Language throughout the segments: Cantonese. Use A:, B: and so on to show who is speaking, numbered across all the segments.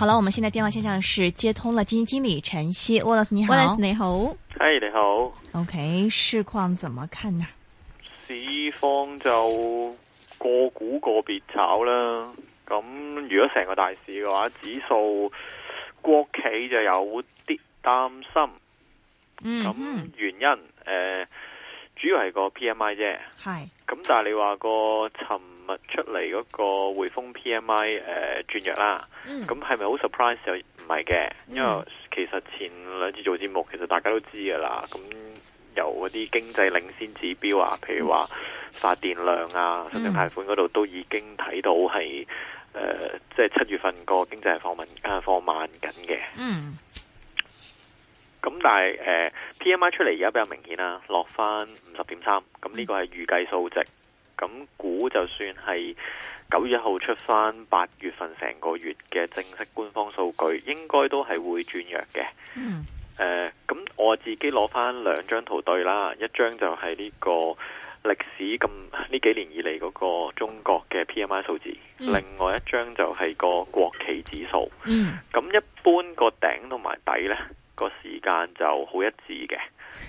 A: 好了，我們現在電話線是接通了基金經理陳昕，Wallace 你好，Wallace 你好
B: ，Hey，你好
A: ，OK 市況怎麼看呢？
B: 市況就個股個別炒啦，咁如果成個大市嘅話，指數國企就有啲擔心，
C: 咁
B: 原因誒、mm hmm. 呃、主要係個 PMI 啫，係，咁但係你話個尋。出嚟嗰個匯豐 PMI 誒、呃、轉弱啦，咁係咪、嗯、好 surprise？又唔係嘅，嗯、因為其實前兩次做節目，其實大家都知噶啦。咁由嗰啲經濟領先指標啊，譬如話發電量啊、甚至貸款嗰度都已經睇到係誒，即係七月份個經濟係放慢啊放慢緊嘅。的嗯，咁但係誒、呃、PMI 出嚟而家比較明顯啦，落翻五十點三，咁呢個係預計數值。咁估就算係九月一號出翻八月份成個月嘅正式官方數據，應該都係會轉弱嘅。
C: 嗯。
B: 誒、呃，咁我自己攞翻兩張圖對啦，一張就係呢個歷史咁呢幾年以嚟嗰個中國嘅 PMI 數字，嗯、另外一張就係個國企指數。咁、嗯、一般個頂同埋底呢、個時間就好一致嘅，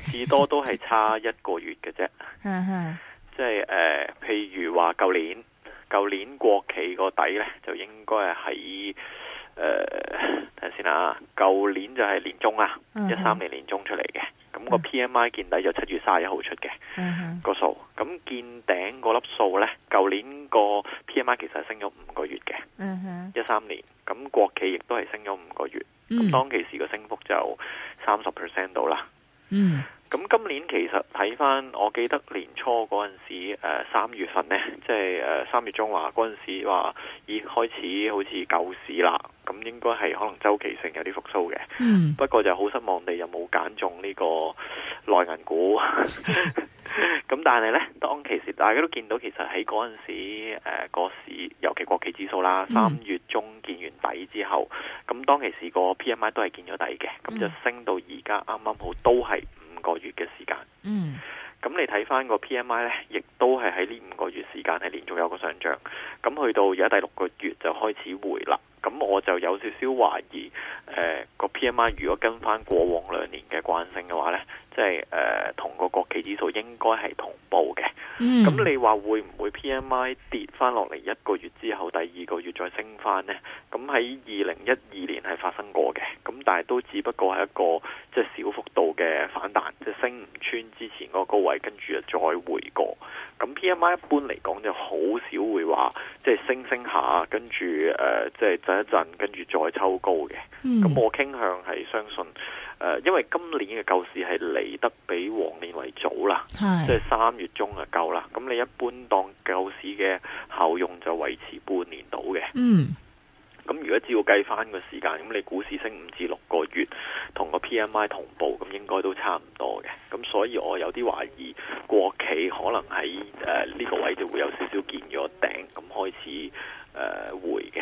B: 至多都係差一個月嘅啫。嗯
C: 哼。
B: 即係誒、呃，譬如話舊年，舊年國企個底咧就應該係喺誒，睇下先啦啊！舊年就係年中啊，一三、uh huh. 年年中出嚟嘅，咁、uh huh. 個 P M I 見底就七月卅一號出嘅、
C: uh huh. 個
B: 數，咁見頂個粒數咧，舊年個 P M I 其實係升咗五個月嘅，一三、uh huh. 年，咁國企亦都係升咗五個月，咁、mm hmm. 當其時個升幅就三十 percent 到啦。咁今年其實睇翻，我記得年初嗰陣時，呃、三月份呢，即係誒三月中話嗰陣時話已經開始好似救市啦。咁應該係可能周期性有啲復甦嘅。Mm. 不過就好失望地又冇揀中呢個內銀股。咁 但係呢，當其時大家都見到，其實喺嗰陣時，呃、個市，尤其國企指數啦，三月中見完底之後，咁當其時個 P M I 都係見咗底嘅，咁就升到而家啱啱好都係。個月嘅時間，嗯，咁你睇翻個 P M I 咧，亦都係喺呢五個月時間係連續有個上漲，咁去到而家第六個月就開始回啦，咁我就有少少懷疑，誒、呃，個 P M I 如果跟翻過往兩年嘅慣性嘅話咧，即係誒同個國企指數應該係同步嘅，咁、嗯、你話會唔會 P M I 跌翻落嚟一個月之後，第二個月再升翻咧？咁喺二零一二年係發生過嘅。但係都只不過係一個即係、就是、小幅度嘅反彈，即、就、係、是、升唔穿之前嗰個高位，跟住又再回過。咁 P M I 一般嚟講就好少會話，即、就、係、是、升升下，跟住誒即係震一震，跟住再抽高嘅。咁、嗯、我傾向係相信誒、呃，因為今年嘅救市係嚟得比往年為早啦，即係三月中啊夠啦。咁你一般當救市嘅效用就維持半年到嘅。嗯咁如果照計翻個時間，咁你股市升五至六個月，同個 PMI 同步，咁應該都差唔多嘅。咁所以我有啲懷疑，國企可能喺呢、呃呢個位就會有少少見咗頂，咁開始誒、呃、回嘅。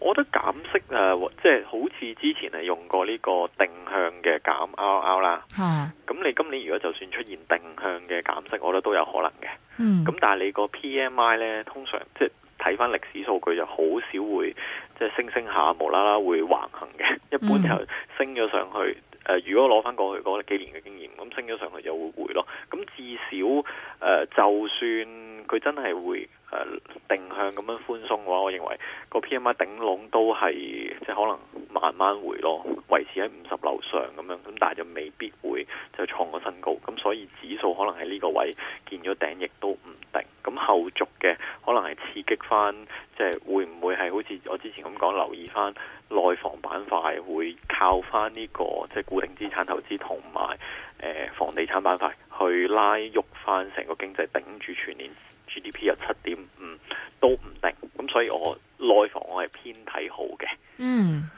A: 我覺
B: 得減息即係好似之前係用過呢個定向嘅減 R R 啦。咁你今年如果就算出現定向嘅減息，我覺得都有可能嘅。咁、嗯、但係你個 P M I 呢，通常即係睇翻歷史數據就，就好少會即係升升下無啦啦會橫行嘅。一般就升咗上去、嗯呃、如果攞翻過去嗰幾年嘅經驗，咁升咗上去就會回落。咁至少誒、呃，就算佢真係會。呃、定向咁樣寬鬆嘅話，我認為個 PMI 頂籠都係即係可能慢慢回落，維持喺五十樓上咁樣，咁但係就未必會就創個新高，咁所以指數可能喺呢個位見咗頂，亦都唔定。咁後續嘅可能係刺激翻，即係會唔會係好似我之前咁講，留意翻內房板塊會靠翻呢個即係固定資產投資同埋誒房地產板塊去拉喐翻成個經濟頂住全年。GDP 有七點五都唔定，咁所以我內房我係偏睇好嘅。
A: 嗯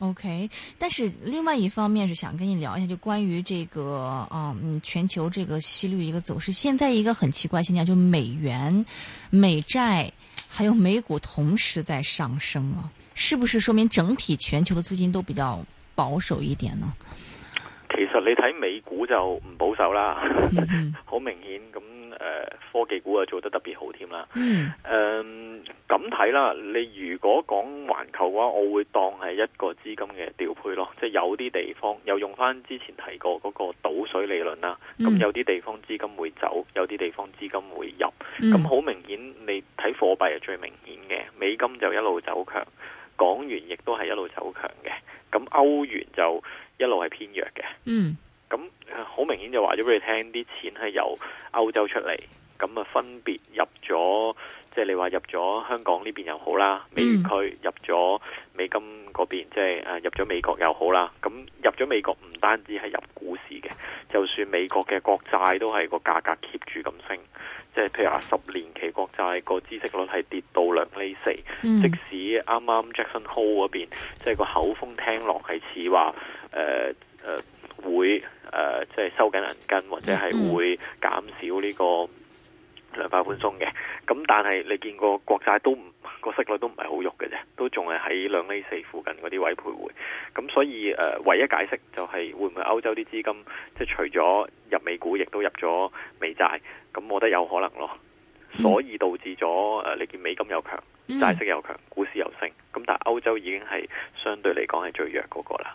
A: ，OK，但是另外一方面，是想跟你聊一下，就關於這個，嗯，全球這個息率一個走勢。現在一個很奇怪嘅現象，就美元、美債還有美股同時在上升啊，是不是說明整體全球嘅資金都比較保守一點呢？
B: 其實你睇美股就唔保守啦，好、嗯嗯、 明顯咁。科技股啊做得特別好添啦。Mm. 嗯，咁睇啦，你如果講環球嘅話，我會當係一個資金嘅調配咯，即係有啲地方又用翻之前提過嗰個倒水理論啦。咁有啲地方資金會走，有啲地方資金會入。咁好明顯，你睇貨幣係最明顯嘅，美金就一路走強，港元亦都係一路走強嘅，咁歐元就一路係偏弱嘅。嗯。Mm. 咁好明顯就話咗俾你聽，啲錢係由歐洲出嚟，咁啊分別入咗，即係你話入咗香港呢邊又好啦，美區入咗美金嗰邊，即係誒入咗美國又好啦。咁入咗美國唔單止係入股市嘅，就算美國嘅國債都係個價格 keep 住咁升，即係譬如話十年期國債個孳息率係跌到兩厘四，嗯、即使啱啱 Jackson Hole 嗰邊，即係個口風聽落係似話誒誒會。誒，即係、呃，就是，收緊銀根，或者係會減少呢個量化寬鬆嘅。咁但係你見個國債都唔個息率都唔係好喐嘅啫，都仲係喺兩厘四附近嗰啲位徘徊。咁所以誒、呃，唯一解釋就係會唔會歐洲啲資金即係、就是，除咗入美股，亦都入咗美債。咁我覺得有可能咯，所以導致咗誒、呃，你見美金又強，債息又強，股市又升。咁但係歐洲已經係相對嚟講係最弱嗰個啦。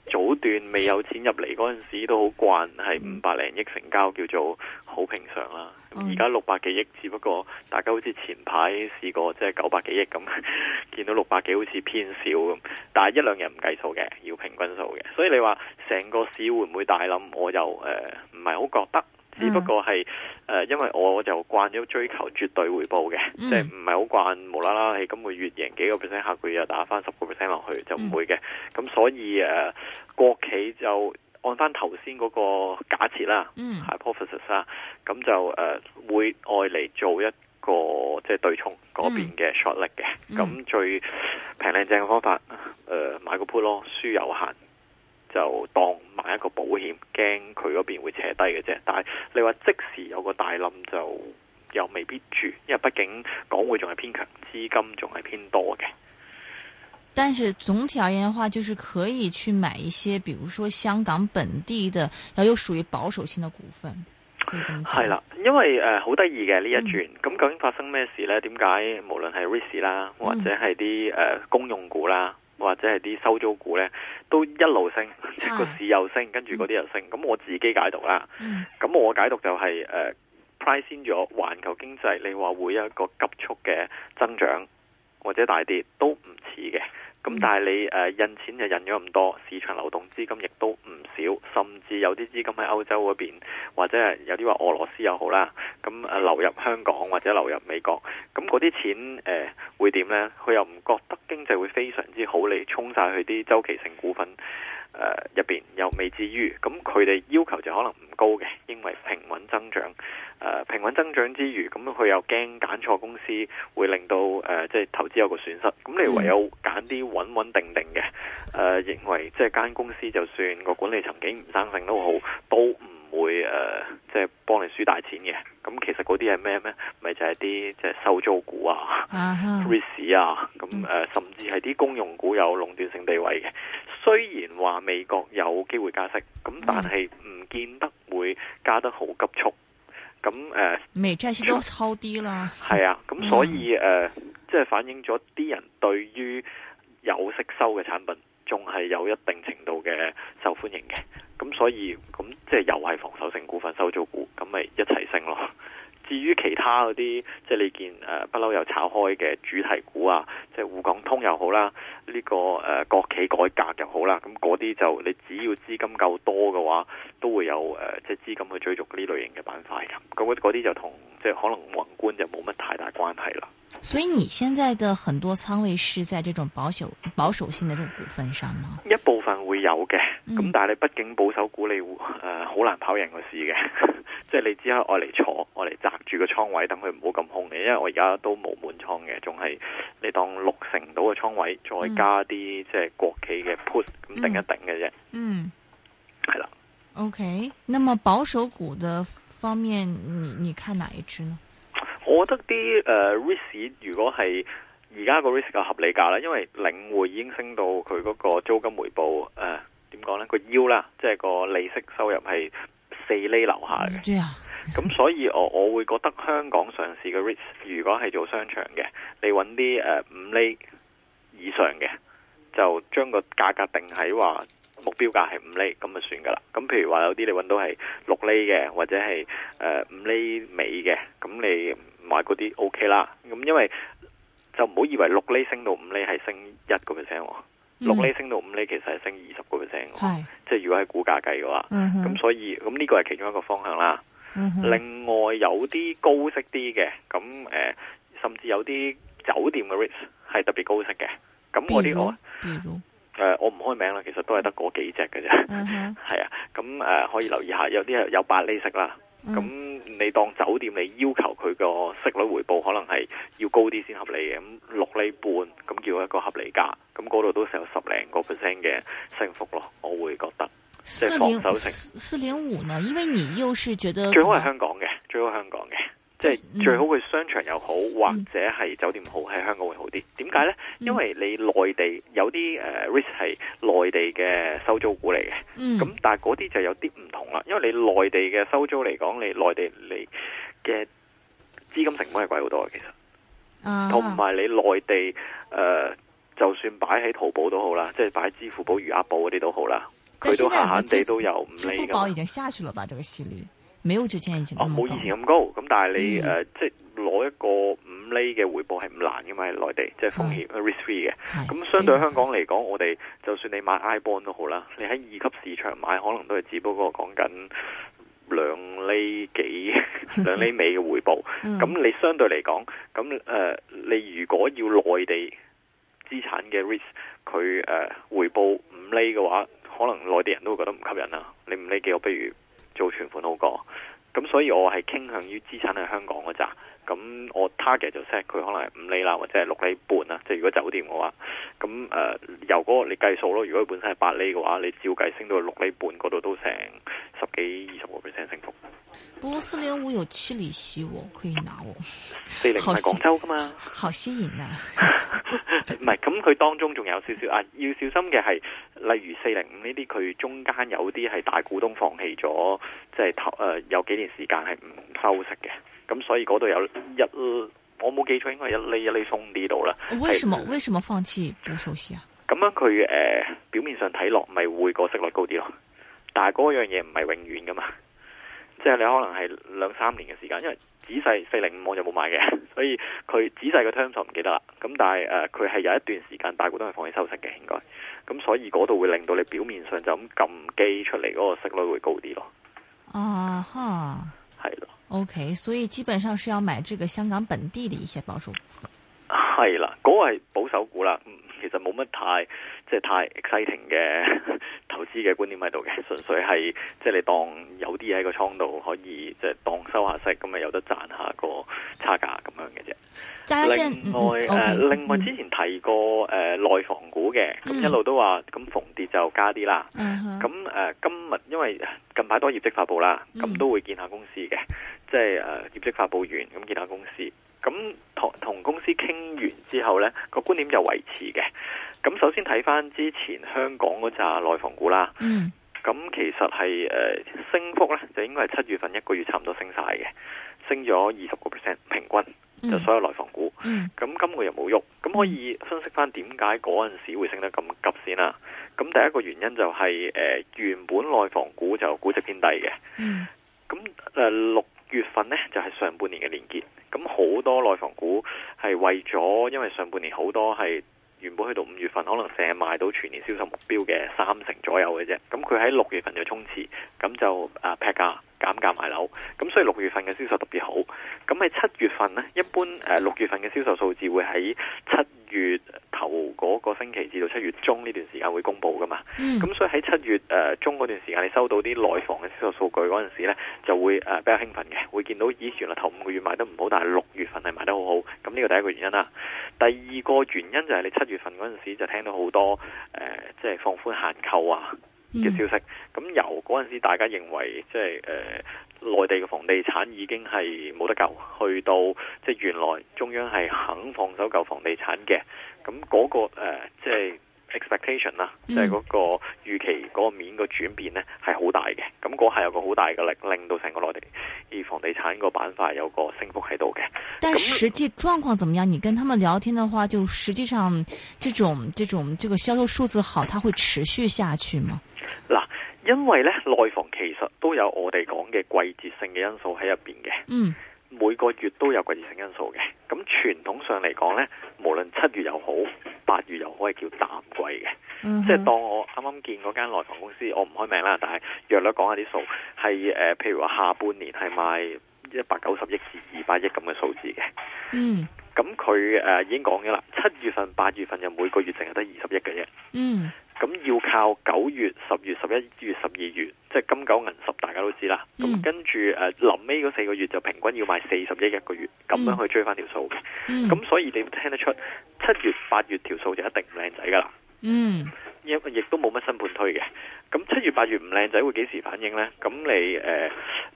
B: 早段未有錢入嚟嗰陣時，都好慣係五百零億成交叫做好平常啦。而家六百幾億，只不過大家好似前排試過即係九百幾億咁，見到六百幾好似偏少咁。但係一兩日唔計數嘅，要平均數嘅。所以你話成個市會唔會大冧？我又呃唔係好覺得。只不過係誒、呃，因為我就慣咗追求絕對回報嘅，即係唔係好慣無啦啦係今個月贏幾個 percent，下個月又打翻十個 percent 落去就唔會嘅。咁、嗯、所以誒、呃，國企就按翻頭先嗰個假設啦，係 hypothesis 咁就誒、呃、會愛嚟做一個即係、就是、對沖嗰邊嘅 short 力嘅。咁、嗯嗯、最平靚正嘅方法，誒、呃、買個 put 咯，輸有限。就當買一個保險，驚佢嗰邊會扯低嘅啫。但係你話即時有個大冧，就又未必住，因為畢竟港匯仲係偏強，資金仲係偏多嘅。
A: 但是總體而言嘅話，就是可以去買一些，比如說香港本地的，然後又屬於保守性的股份。係啦，
B: 因為誒好得意嘅呢一轉，咁、嗯、究竟發生咩事呢？點解無論係 REITs 啦，或者係啲誒公用股啦，或者係啲收租股呢都一路升，個、啊、 市又升，跟住嗰啲又升。咁我自己解讀啦，咁、嗯、我解讀就係 pricing 咗，uh, 環球經濟你話會有一個急速嘅增長或者大跌都唔似嘅。咁但係你誒印錢就印咗咁多，市場流動資金亦都唔少，甚至有啲資金喺歐洲嗰邊，或者係有啲話俄羅斯又好啦，咁誒流入香港或者流入美國，咁嗰啲錢誒會點呢？佢又唔覺得經濟會非常之好，你衝晒佢啲周期性股份。誒，入面又未至於，咁佢哋要求就可能唔高嘅，因為平穩增長。誒、呃，平穩增長之餘，咁佢又驚揀錯公司會令到誒，即、呃、係、就是、投資有個損失。咁你唯有揀啲穩穩定定嘅。誒、呃，認為即係間公司就算個管，管理層幾唔生性都好，都唔。會誒、即、呃、係幫你輸大錢嘅，咁其實嗰啲係咩咩？咪就係啲即係收租股啊 REITs、uh huh。啊、咁、呃、誒，甚至係啲公用股有壟斷性地位嘅。雖然話美國有機會加息，咁但係唔見得會加得好急促。咁、嗯、誒，
A: 未加息都超低啦。
B: 係啊，咁所以誒、即係、uh huh。呃，就是，反映咗啲人對於有息收嘅產品，仲係有一定程度嘅受歡迎嘅。咁所以，咁即係又係防守性股份、收租股，咁咪一齊升咯。至於其他嗰啲，即係你見誒不嬲又炒開嘅主題股啊，即係滬港通又好啦，呢、這個誒、呃、國企改革又好啦，咁嗰啲就你只要資金夠多嘅話，都會有誒、呃、即係資金去追逐呢類型嘅板塊嘅，咁嗰啲就同即係可能宏觀就冇乜太大關係啦。
A: 所以你現在嘅很多倉位是在這種保守保守性的這個股份上嗎？
B: 一部分會有嘅，咁但係你畢竟保守股你誒好難跑贏個市嘅。即係你之後愛嚟坐，愛嚟揸住個倉位，等佢唔好咁空嘅。因為我而家都冇滿倉嘅，仲係你當六成到嘅倉位，再加啲即係國企嘅 put 咁，頂一頂嘅啫。嗯，
A: 係啦的。OK，咁麼保守股嘅方面，你你看哪一隻呢？
B: 我覺得啲誒 risk 如果係而家個 risk 嘅合理價咧，因為領匯已經升到佢嗰個租金回報誒，點講咧？個 yield 啦，佢 yield, 即係個利息收入係。四厘樓下嘅，咁所以我我會覺得香港上市嘅 REIT 如果係做商場嘅，你揾啲誒五厘以上嘅，就將個價格定喺話目標價係五厘咁就算噶啦。咁譬如話有啲你揾到係六厘嘅，或者係誒五厘尾嘅，咁你買嗰啲 OK 啦。咁因為就唔好以為六厘升到五厘係升一個 percent 喎。六厘升到五厘，其實係升二十個 percent，即係如果係股價計嘅話，咁、嗯、哼所以咁呢個係其中一個方向啦。嗯、
C: 哼另
B: 外有啲高息啲嘅，咁誒、呃、甚至有啲酒店嘅 risk 係特別高息嘅，咁我啲、呃、我誒我唔開名啦，其實都係得嗰幾隻嘅啫，係、嗯、哼 啊，咁誒、呃、可以留意下，有啲係有八厘息啦。咁、嗯、你當酒店，你要求佢個息率回報可能係要高啲先合理嘅。咁六厘半，咁叫一個合理價。咁嗰度都成有十零個 percent 嘅升幅咯，我會覺得。就是、四零
A: 四四零五呢？因為你又是覺得最好
B: 係香港嘅，最好香港嘅。即係最好去商場又好，嗯、或者係酒店好，喺香港會好啲。點解呢？因為你內地有啲誒、呃、，risk 係內地嘅收租股嚟嘅。咁、嗯、但係嗰啲就有啲唔同啦，因為你內地嘅收租嚟講，你內地你嘅資金成本係貴好多嘅，其實。同埋、啊、哈你內地誒、呃，就算擺喺淘寶都好啦，即係擺喺支付寶、餘額寶嗰啲都好啦。
A: 佢都閒閒哋都
B: 有唔理嘅支付寶
A: 已經下去了吧？這個息率。冇以前咁、啊、
B: 高，咁但係你誒、嗯呃，即係攞一個五厘嘅回報係唔難嘅嘛？喺內地即係風險 risk free 嘅，咁是相對香港嚟講，的我哋就算你買 I bond 都好啦，你喺二級市場買可能都係只不過講緊兩厘幾、兩 厘尾嘅回報。咁 你相對嚟講，咁誒、呃，你如果要內地資產嘅 risk，佢誒、呃、回報五厘嘅話，可能內地人都會覺得唔吸引啦。你五厘幾，我不如。做存款好過咁，所以我係傾向於資產喺香港嗰扎。咁、嗯、我 target 就 set 佢可能係五厘啦，或者係六厘半啊。即、就、係、是、如果酒店嘅話，咁、嗯、誒、呃、由嗰個你計數咯。如果佢本身係八厘嘅話，你照計升到係六厘半嗰度都成十幾二十個 percent 升幅。
A: 勝負不過四零五有七厘息，我可以拿我，
B: 四零五係廣州
A: 噶嘛，好吸引啊！
B: 唔係咁，佢當中仲有少少啊，要小心嘅係，例如四零五呢啲，佢中間有啲係大股東放棄咗，即係投誒有幾年時間係唔收息嘅。咁、嗯、所以嗰度有一，我冇記錯應該一厘一厘鬆啲度啦。為
A: 什麼是為什麼放棄不收息啊？
B: 咁、嗯、樣佢誒、呃、表面上睇落咪會個息率高啲咯，但係嗰樣嘢唔係永遠噶嘛，即、就、係、是、你可能係兩三年嘅時間，因為仔細四零五我就冇買嘅，所以佢仔細個 time 就唔記得啦。咁但係誒佢係有一段時間大股都係放棄收息嘅，應該咁、嗯、所以嗰度會令到你表面上就咁撳機出嚟嗰、那個息率會高啲咯。
A: 啊哈、uh，係、huh. 咯。O.K.，所以基本上是要買這個香港本地的一些保守股，
B: 係啦，嗰個係保守股啦。嗯其實冇乜太即係、就是、太 exciting 嘅投資嘅觀點喺度嘅，純粹係即係你當有啲嘢喺個倉度可以即係、就是、當收下息，咁咪有得賺下個差價咁樣嘅啫。
C: 另外誒，另外
B: 之前提過誒內、呃嗯、房股嘅，咁、嗯、一路都話咁逢跌就加啲啦。咁誒、嗯呃、今日因為近排多業績發布啦，咁都會見下公司嘅，嗯、即係誒、呃、業績發布完咁見下公司。咁同同公司傾完之後，呢個觀點就維持嘅。咁首先睇翻之前香港嗰扎內房股啦，咁、嗯、其實係誒、呃、升幅呢，就應該係七月份一個月差唔多升晒嘅，升咗二十個 percent 平均，就所有內房股。咁今、嗯、個月又冇喐，咁、嗯、可以分析翻點解嗰陣時會升得咁急先啦？咁第一個原因就係、是、誒、呃、原本內房股就估值偏低嘅。咁誒六月份呢就係、是、上半年嘅年結，咁好多內房股係為咗，因為上半年好多係原本去到五月份可能淨係賣到全年銷售目標嘅三成左右嘅啫，咁佢喺六月份就衝刺，咁就啊、呃、劈價。減價賣樓，咁所以六月份嘅銷售特別好。咁喺七月份呢，一般誒呃、六月份嘅銷售數字會喺七月頭嗰個星期至到七月中呢段時間會公布噶嘛。咁、嗯、所以喺七月誒、呃、中嗰段時間，你收到啲內房嘅銷售數據嗰陣時呢就會誒、呃、比較興奮嘅，會見到以前啊頭五個月賣得唔好，但係六月份係賣得好好。咁呢個第一個原因啦。第二個原因就係你七月份嗰陣時就聽到好多即係、呃即係、放寬限購啊。嘅消息，咁由嗰陣時大家認為即係誒，內、就是呃、地嘅房地產已經係冇得救，去到即係、就是、原來中央係肯放手救房地產嘅，咁嗰、那個誒即係。呃就是 Expectation 啦，即係嗯、嗰個預期嗰個面個轉變咧係好大嘅，咁嗰係有個好大嘅力令到成個內地而房地產個板塊係有個升幅喺度嘅。
A: 但實際狀況怎麼樣？那你跟他們聊天的話，就實際上這種、這種、這個銷售數字好，它會持續下去嗎？
B: 嗱，因為咧內房其實都有我哋講嘅季節性嘅因素喺入邊嘅。嗯。每個月都有季節性因素嘅，咁傳統上嚟講呢，無論七月又好，八月又好，係叫淡季嘅。Mm
C: hmm. 即係當
B: 我啱啱見嗰間內房公司，我唔開名啦，但係約略講下啲數，係誒、呃，譬如話下半年係賣一百九十億至二百億咁嘅數字嘅。嗯、
C: mm，
B: 咁佢誒已經講咗啦，七月份、八月份就每個月淨係得二十億嘅啫。嗯、
C: mm。Hmm.
B: 咁要靠九月、十月、十一月、十二月，即係金九銀十，大家都知啦。咁、嗯、跟住誒，臨尾嗰四個月就平均要賣四十億一個月，咁樣去追翻條數。
C: 咁、嗯、所
B: 以你聽得出七月、八月條數就一定唔靚仔噶啦。嗯，因亦都冇乜新盤推嘅。咁七月、八月唔靚仔，會幾時反應呢？咁你誒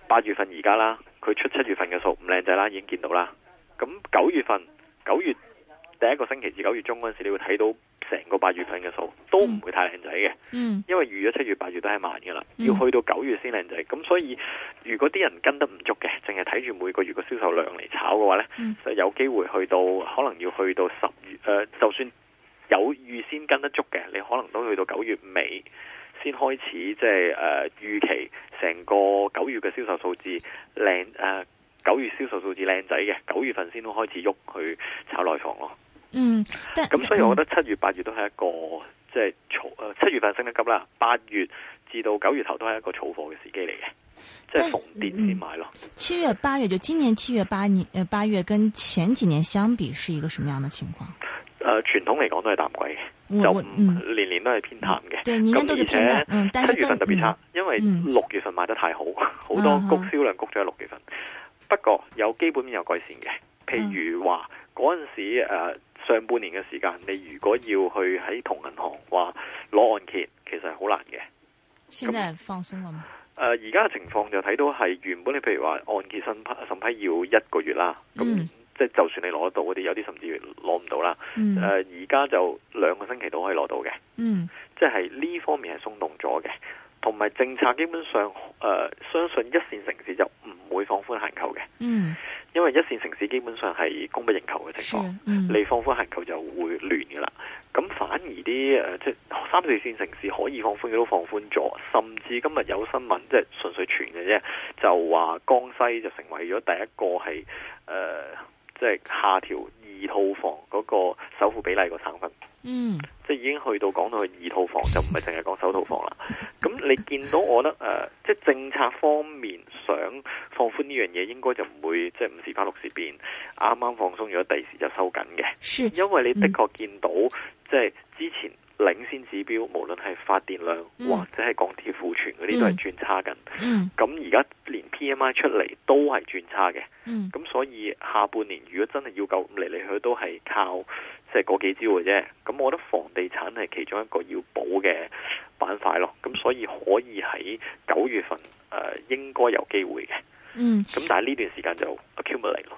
B: 八、呃、月份而家啦，佢出七月份嘅數唔靚仔啦，已經見到啦。咁九月份九月。第一個星期至九月中嗰陣時候，你會睇到成個八月份嘅數都唔會太靚仔嘅，嗯、因為預咗七月、八月都係慢噶啦，要去到九月先靚仔。咁、嗯、所以如果啲人跟得唔足嘅，淨係睇住每個月嘅銷售量嚟炒嘅話呢，嗯、就有機會去到可能要去到十月。誒、呃，就算有預先跟得足嘅，你可能都去到九月尾先開始，即係誒預期成個九月嘅銷售數字靚誒，九、呃、月銷售數字靚仔嘅，九月份先都開始喐去炒內房咯。嗯，咁所以我覺得七月八月都係一個即係儲誒，七、就是呃、月份升得急啦，八月至到九月頭都係一個儲貨嘅時機嚟嘅，即、就、係、是、逢跌先買咯。
A: 七、嗯、月八月就今年七月八年誒八月跟前幾年相比是一個什麼樣的情況？
B: 誒、呃，傳統嚟講都係淡季，就、嗯、年年都係偏淡嘅。咁、嗯、而且七、嗯、月份特別差，嗯、因為六月份賣得太好，好、嗯、多谷銷量谷咗喺六月份。啊、不過有基本面有改善嘅，譬如話嗰陣時誒。呃上半年嘅時間，你如果要去喺同銀行話攞按揭，id, 其實係好難嘅。
A: 現在放鬆啦？
B: 誒、呃，而家嘅情況就睇到係原本你譬如話按揭審批審批要一個月啦，咁即係就算你攞得到，嗰啲有啲甚至攞唔到啦。誒、嗯，而家、呃、就兩個星期都可以攞到嘅，嗯、即係呢方面係鬆動咗嘅。同埋政策基本上，誒、呃、相信一線城市就唔會放寬限購嘅，mm. 因為一線城市基本上係供不應求嘅情況，是 mm. 你放寬限購就會亂嘅啦。咁反而啲誒即三四線城市可以放寬嘅都放寬咗，甚至今日有新聞即係純粹傳嘅啫，就話、是、江西就成為咗第一個係誒即係下調。二套房個首付比例個成分，嗯，即係已經去到講到去二套房就唔係淨係講首套房啦。咁你見到我覺得誒，即係政策方面想放寬呢樣嘢，應該就唔會即係五時翻六時變，啱啱放鬆咗，第二時就收緊嘅。是因為你的確見到、嗯、即係之前。領先指標無論係發電量或者係鋼鐵庫存嗰啲都係轉差緊，咁而家連 PMI 出嚟都係轉差嘅，咁、嗯、所以下半年如果真係要夠嚟嚟去去都係靠即係嗰幾招嘅啫，咁我覺得房地產係其中一個要補嘅板塊咯，咁所以可以喺九月份誒、呃、應該有機會嘅，咁、嗯、但係呢段時間就 accumulate 咯。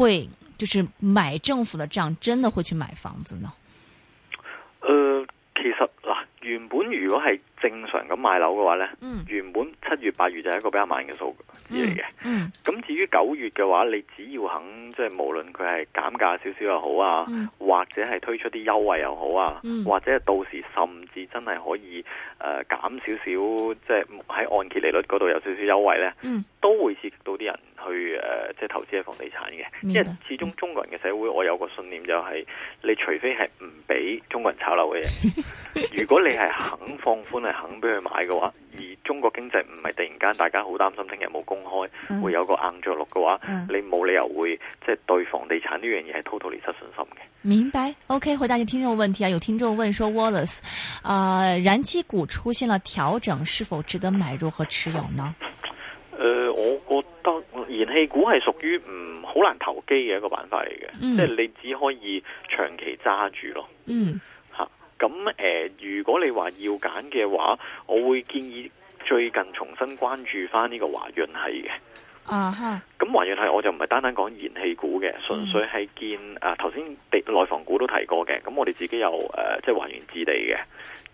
A: 會，就是買政府的賬，真的會去買房子呢？誒、
B: 呃，其實嗱、呃，原本如果係正常咁買樓嘅話呢，嗯、原本七月八月就係一個比較慢嘅數嚟
A: 嘅、嗯，嗯，
B: 咁至於九月嘅話，你只要肯，即係無論佢係減價少少又好啊，嗯、或者係推出啲優惠又好啊，嗯、或者到時甚至真係可以誒、呃、減少少，即係喺按揭利率嗰度有少少優惠呢，嗯、都會刺激到啲人。去誒、呃，即係投資喺房地產嘅，即係，因為始終中國人嘅社會，我有個信念就係、是，你除非係唔俾中國人炒樓嘅嘢， 如果你係肯放寬，係 肯俾佢買嘅話，而中國經濟唔係突然間大家好擔心聽日冇公開會有個硬着陸嘅話，嗯、你冇理由會、嗯、即係對房地產呢樣嘢係滔滔流失信心嘅。
A: 明白？OK，回答你聽眾問題啊！有聽眾問說，Wallace，啊、呃，燃氣股出現了調整，是否值得買入和持有呢？誒、呃，我覺。
B: 我燃氣股係屬於唔好難投機嘅一個辦法嚟嘅，嗯、即係你只可以長期揸住咯。嗯，吓咁誒，如果你話要揀嘅話，我會建議最近重新關注翻呢個華潤系嘅。啊咁華潤系我就唔係單單講燃氣股嘅，純粹係見誒頭先內房股都提過嘅，咁我哋自己有誒、呃、即係華潤置地嘅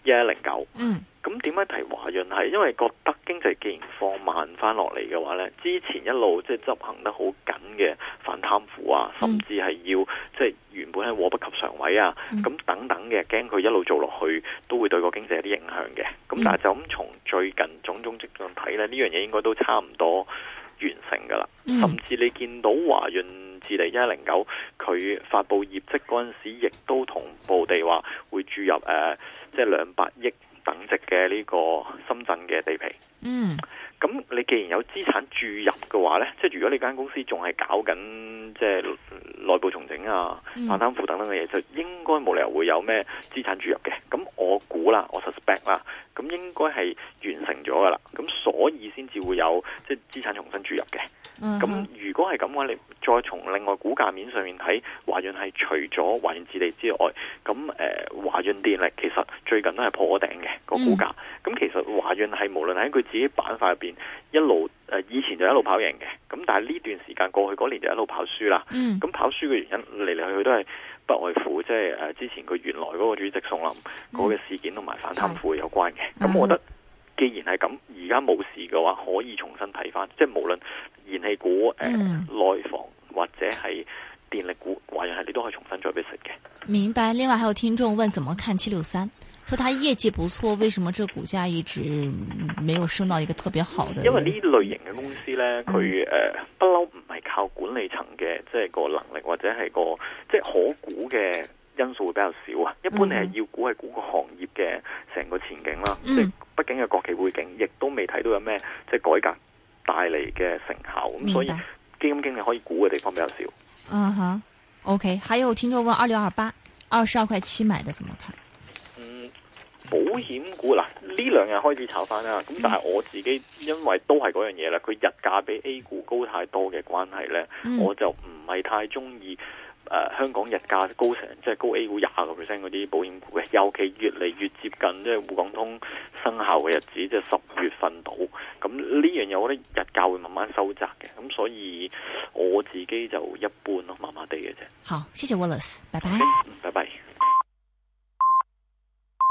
B: 一一零九。嗯。咁點解提華潤係？因為覺得經濟既然放慢翻落嚟嘅話呢，之前一路即係執行得好緊嘅反貪腐啊，甚至係要即係原本係禍不及常委啊，咁、嗯、等等嘅，驚佢一路做落去都會對個經濟有啲影響嘅。咁但係就咁從最近種種跡象睇呢，呢樣嘢應該都差唔多完成噶啦。甚至你見到華潤置地一零九佢發布業績嗰陣時，亦都同步地話會注入誒即係兩百億。值嘅呢個深圳嘅地皮，嗯，咁你既然有資產注入嘅話咧，即係如果你間公司仲係搞緊即係內部重整啊、反貪腐等等嘅嘢，就應該冇理由會有咩資產注入嘅，咁。我估啦，我 suspect 啦，咁應該係完成咗噶啦，咁所以先至會有即係資產重新注入嘅。咁、mm hmm. 如果係咁嘅話，你再從另外股價面上面睇，華潤係除咗華潤置地之外，咁誒華潤電力其實最近都係破頂嘅個股價。咁、mm hmm. 其實華潤係無論喺佢自己板塊入邊一路誒、呃，以前就一路跑贏嘅。咁但係呢段時間過去嗰年就一路跑輸啦。咁、mm hmm. 跑輸嘅原因嚟嚟去去都係。不外乎，即係誒、呃，之前佢原來嗰個主席宋林嗰個事件同埋反貪腐有關嘅。咁、嗯、我覺得，既然係咁，而家冇事嘅話，可以重新睇翻。即係無論燃氣股、誒、呃嗯、內房或者係電力股，華潤係你都可以重新再俾食嘅。
A: 明白。另外，還有聽眾問，怎麼看七六三？說他業績不錯，為什麼這股價一直沒有升到一個特別好的、這個？因為呢類
B: 型嘅公司呢，佢不嬲唔係靠管理層嘅即係個能力，或者係個即係可估嘅因素會比較少啊。一般你係要估係估個行業嘅成個前景啦，嗯、即畢竟係國企背景，亦都未睇到有咩即係改革帶嚟嘅成效，咁白所以基金經理可以估嘅地方比較
A: 少。啊、嗯、哈，OK。還有聽眾問：二六二八，二十二塊七買的怎麼看？
B: 保險股，嗱呢兩日開始炒翻啦，咁但係我自己因為都係嗰樣嘢啦，佢日價比 A 股高太多嘅關係呢，嗯、我就唔係太中意誒香港日價高成即係高 A 股廿個 percent 嗰啲保險股嘅，尤其越嚟越接近即係滬港通生效嘅日子，即係十月份到。咁呢樣嘢我覺得日價會慢慢收窄嘅，咁所以我自己就一般咯，麻麻地嘅啫。
A: 好，謝謝 Wallace，拜拜，okay,
B: 拜拜。